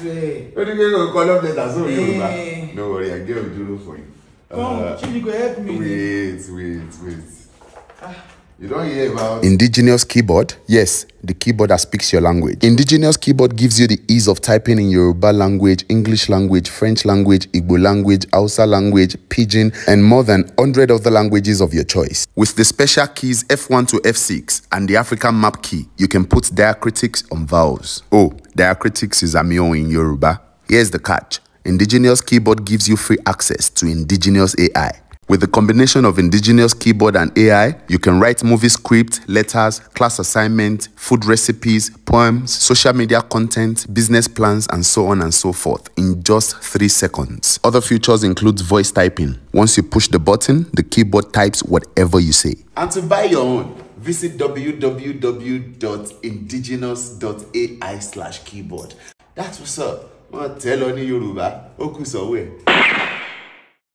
ó ní kékeré kọ́ love letter sórí eh. yorùbá no worry i get ojúlówó for you. come uh, chidi go help me. wait wait wait. Ah. You don't hear about indigenous keyboard? Yes, the keyboard that speaks your language. Indigenous keyboard gives you the ease of typing in Yoruba language, English language, French language, Igbo language, Hausa language, Pidgin, and more than 100 other languages of your choice. With the special keys F1 to F6 and the African map key, you can put diacritics on vowels. Oh, diacritics is amio in Yoruba. Here's the catch. Indigenous Keyboard gives you free access to Indigenous AI, with the combination of indigenous keyboard and AI, you can write movie script, letters, class assignment, food recipes, poems, social media content, business plans, and so on and so forth in just 3 seconds. Other features include voice typing. Once you push the button, the keyboard types whatever you say. And to buy your own, visit www.indigenous.ai slash keyboard. That's what's up. Well, tell Oku Yoruba. Okusaway.